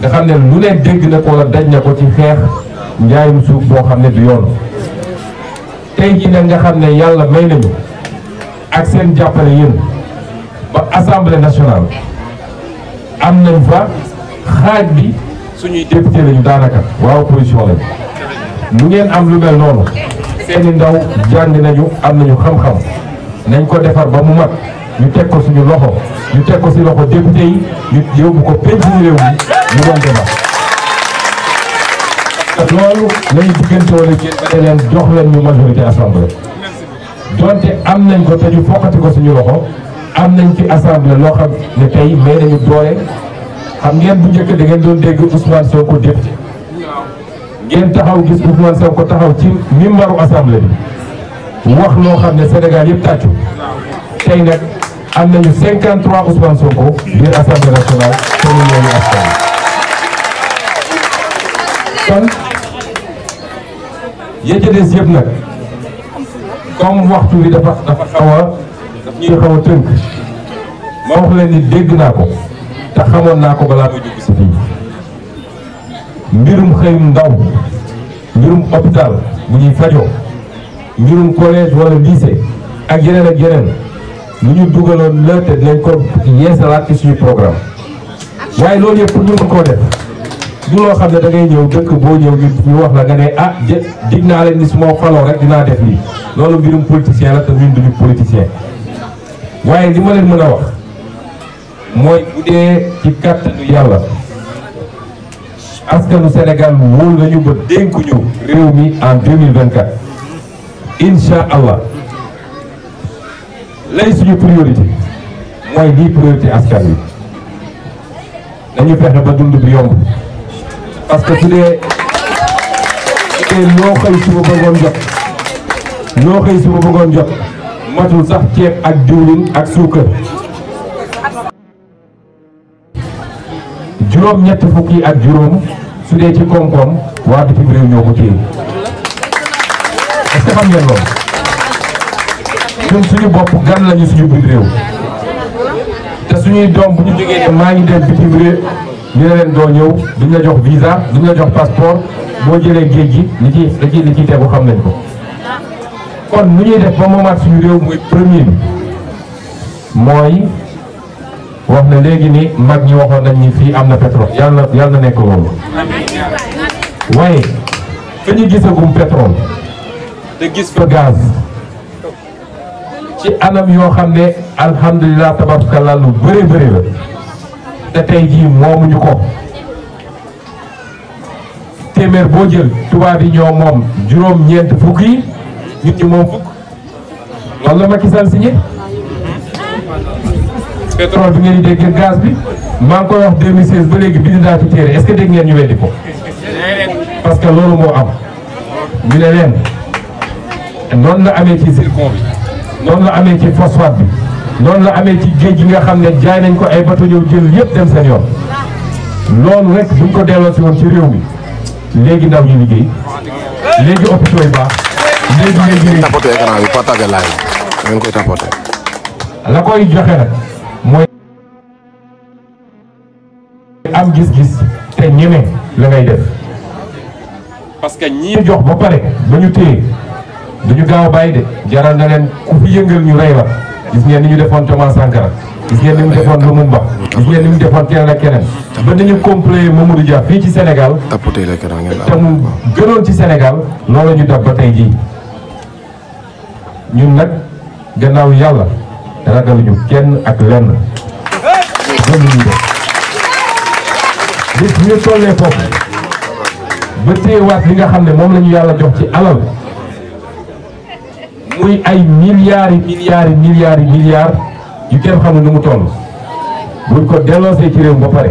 nga xam ne lu ne dégg na ko wala daj na ko ci xeex njaayum suuf boo xam ne du yoon tey jii nag nga xam ne yàlla may nañu ak seen jàppale yéen ba assemblée nationale am nañ fa xaaj bi suñuy député lañu daanaka waaw opposition lañu lu ngeen am lu mel noonu seeni ndaw jàng nañu am nañu xam-xam nañ ko defar ba mu mat ñu teg ko suñu loxo ñu teg ko si loxo député yi ñu yóbbu ko penc ci réew mi mu doon débat loolu lañu diggante wala ngeen bane leen jox leen ñu majorité assemblée donte am nañ ko te ñu fokkati ko suñu loxo am nañ ci assemblée loo xam ne tey may nañu doole xam ngeen bu njëkk da ngeen doon dégg Ousmane Sonko député ngeen taxaw gis Ousmane Sonko taxaw ci mimbaru assemblée bi wax loo xam ne Sénégal yëpp tàccu tey nag am nañu 53 Ousmane Sonko biir assemblée nationale te ñu ñëwee askan kon ya ca des yëpp nag comme waxtu bi dafa dafa xaw ñuy xaw tënk ma wax leen ni dégg naa ko te xamoon naa ko balaa muy dugg si fii mbirum xëyum ndaw mbirum hôpital bu ñuy fajoo mbirum collège wala lycée ak yeneen ak yeneen. lu ñu dugaloon la te dinañ ko yeesalaat ci suñu programme waaye loolu yëpp ñu koo def du loo xam ne da ngay ñëw dëkk boo ñëw ñu wax la nga ne ah jë naa leen ni su ma faloo rek dinaa def lii loolu mbirum politicien la te ñun duñu politicien waaye li ma leen mën a wax mooy bu dee ci kàttanu yàlla askanu senegal wóolu nañu ba dénkuñu réew mi en 2024 allah. lay suñu priorité mooy lii priorité askan wi dañu fexe ba dund bi yomb parce su dee loo xëy suba bëggoon jot matul sax ceeb ak diwlin ak suukar juróom ñett fukk ak juróom su dee ci koom-koom waa bitim réew ñoo ko téye est-ce que xam ñun suñu bopp gan lañu suñu biir réew te suñuy doom bu jógee ne maa ngi dem bitim réew ñu ne leen doo ñëw duñ la jox visa duñ la jox passeport boo jëlee géej gi li ci li ci li ciy tegu xam nañ ko kon mu ñuy def ba moomaat suñu réew muy premier bi mooy wax na léegi ni mag ñi waxoon nañ fi fii am na pétrole yàlla yàlla nekk loolu waaye fi ñu gisagum pétrole te gis fa gaz ci anam yoo xam ne alhamdulilah tabarakalla lu bëri bëri la te tey jii moomuñu ko téeméer boo jël tubaab yi ñoo moom juróom-ñeent fukk yi ñun ñu moom fukk loolu la Macky Sall signé pétrole bi ngeen di dégg gaz bi maa ngi koy wax 2016 ba léegi bind naa fi téere est dégg ngeen ñu weddi ko parce que loolu moo am ñu ne leen noonu la amee ci zircon bi lool la amee ci phosphate bi noonu la amee ci géej gi nga xam ne jaay nañ ko ay bato ñëw jël yëpp dem seen yoon loolu rek duñ ko delloo si woon ci réew mi léegi ndaw ñu liggéey léegi hôpitaux yi baax léegi léegi tapoté koy tapoté la koy joxe nag mooy am gis-gis te ñeme la ngay def parce que ñi jox ba pare dañu ñu téye du ñu gaaw bàyyi de jaral na leen ku fi yëngal ñu rey la gis ngeen ni ñu defoon Thomas Sankara gis ngeen ni mu defoon Lumumba gis ngeen ni mu defoon keneen ak keneen ba nañu complé Mamadou Dia fii ci senegal te mu gënoon ci senegal loolu ñu dab ba tey jii ñun nag gannaaw yàlla ragaluñu kenn ak lenn gënuñu de bis ñu tollee foofu ba téyewaat li nga xam ne moom lañu yàlla jox ci alal muy ay milliards yi milliards yi milliards yi milliards yu kenn xamul nu mu toll buñ ko dénoncé ci réew ba pare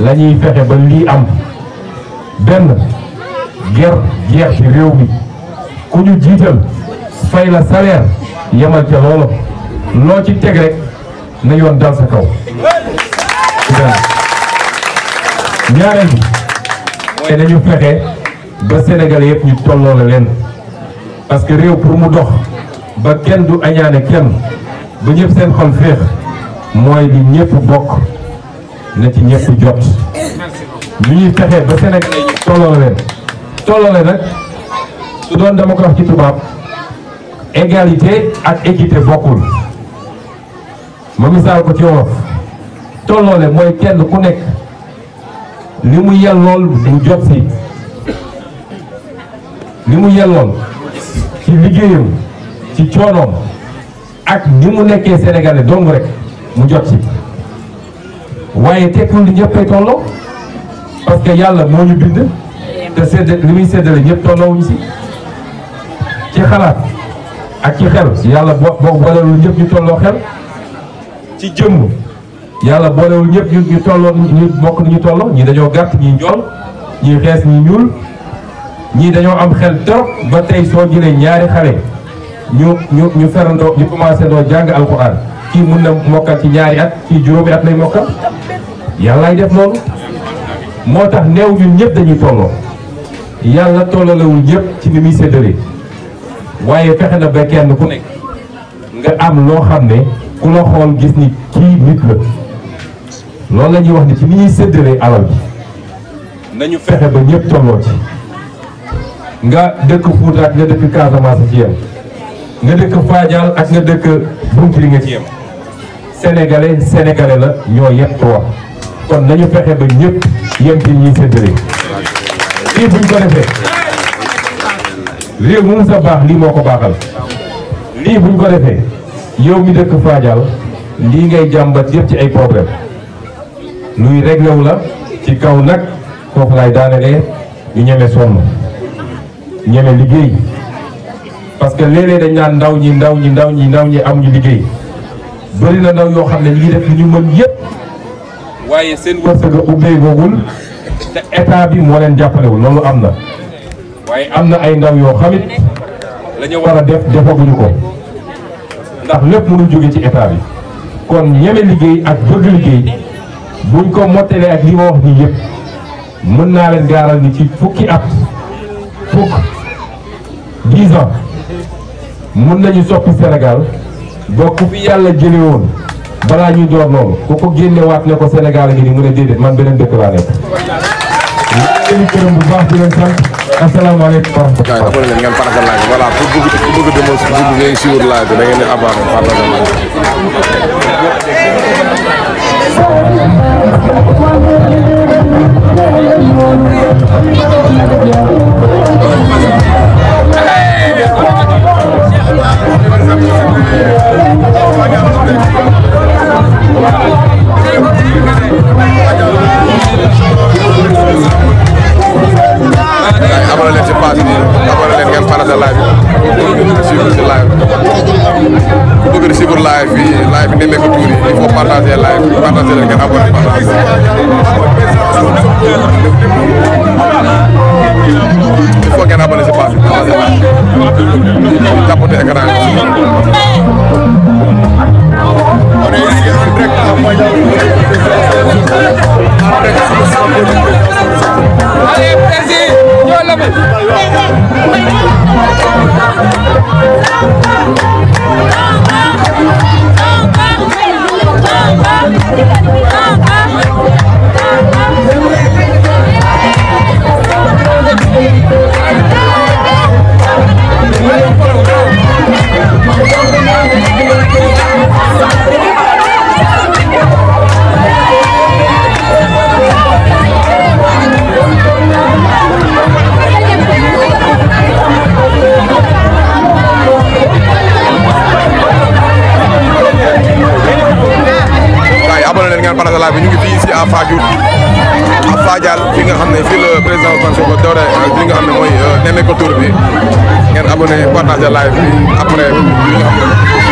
la fexe ba lii am benn ger jeex ci réew mi ku ñu jiital fay la salaire yemal ca loolu loo ci teg rek na yoon dal sa kaw ñaareel bi mooy nañu fexe ba Sénégal yëpp ñu tolloo la leen parce que réew pour mu dox ba kenn du añaane kenn ba ñëpp seen xol féex mooy li ñëpp bokk na ci ñëpp jot li ñuy fexe ba Sénégal yi tolloole nag su doon dama ko wax ci tubaab égalité ak équité bokkul ma misaal ko ci wolof tolloole mooy kenn ku nekk li mu yellool mu jot si li mu yellool ci liggéeyam ci coonoom ak ni mu nekkee sénégalais dong rek mu jot ci waaye tekkul ni ñëppay tolloo parce que yàlla moo ñu bind te sédd li muy séddale ñëpp tolloowuñ si ci xalaat ak ci xel yàlla bo boo boolewul ñëpp ñu tolloo xel ci jëmm yàlla boolewul ñëpp ñu ñu tolloo ñu bokk ñu tolloo ñi dañoo gàtt ñi njool ñi xees ñi ñuul ñii dañoo am xel trop ba tey soo jëlee ñaari xale ñu ñu ñu ferandoo ñu commencé doo jàng alquran kii mun na mokkal ci ñaari at kii juróomi at lay mokkal yàllaay def loolu moo tax néew ñun ñëpp dañuy tolloo yàlla tollalewul ñëpp ci ni muy séddale waaye fexe na ba kenn ku nekk nga am loo xam ne ku la xool gis ni kii nit la loolu la wax ni ci ni ñuy séddale alal bi nañu fexe ba ñëpp tolloo ci nga dëkk Fuuta ak nga dëkk Casamance ci yem nga dëkk Fadial ak nga ci yem sénégalais sénégalais la ñoo yëpp wax kon nañu fexe ba ñëpp yem ci ñiy lii buñ ko defee réew mu sa baax lii moo ko baaxal lii buñ ko defee yow mi dëkk Fadial lii ngay jàmbat yëpp ci ay problème luy réglé wu la ci kaw nag foofu laay daanelee ñu ñeme sonn ñeme liggéey parce que léeg dañ naan ndaw ñi ndaw ñi ndaw ñi ndaw ñi amuñu liggéey bëri na ndaw yoo xam ne ñu ngi def li ñu mën yëpp. waaye seen wërsëg a ubbeegoogul te état bi moo leen jàppalewul loolu am na. waaye am na ay ndaw yoo xamit la ñu war a def defaguñu ko ndax lépp mënul jóge ci état bi kon ñeme liggéey ak bëgg liggéey buñ ko mottalee ak li ma nii yëpp mën naa leen gaaral ni ci fukki at fukk. dix ans mun nañu soppi Sénégal bokk fi yàlla jële woon balaa ñuy door loolu ku ko génnewaat ne ko Sénégal ngi nii mu ne déedéet man beneen dëkk laa nekk. ñu ngi leen bu baax di leen sant asalaamaaleykum wa rahmatulah. waaw leen ngeen faral laaj voilà pour bëgg pour bëgg demoo si bëgg ngeen suivre laaj bi da ngeen di abonné faral laaj. Hey! ak Fadial fi nga xam ne fii la président Ousmane Sonko doore ah, li nga xam ne mooy euh, Nemmeeku Tour bi ngeen abonné partagé live bi après li nga xam ne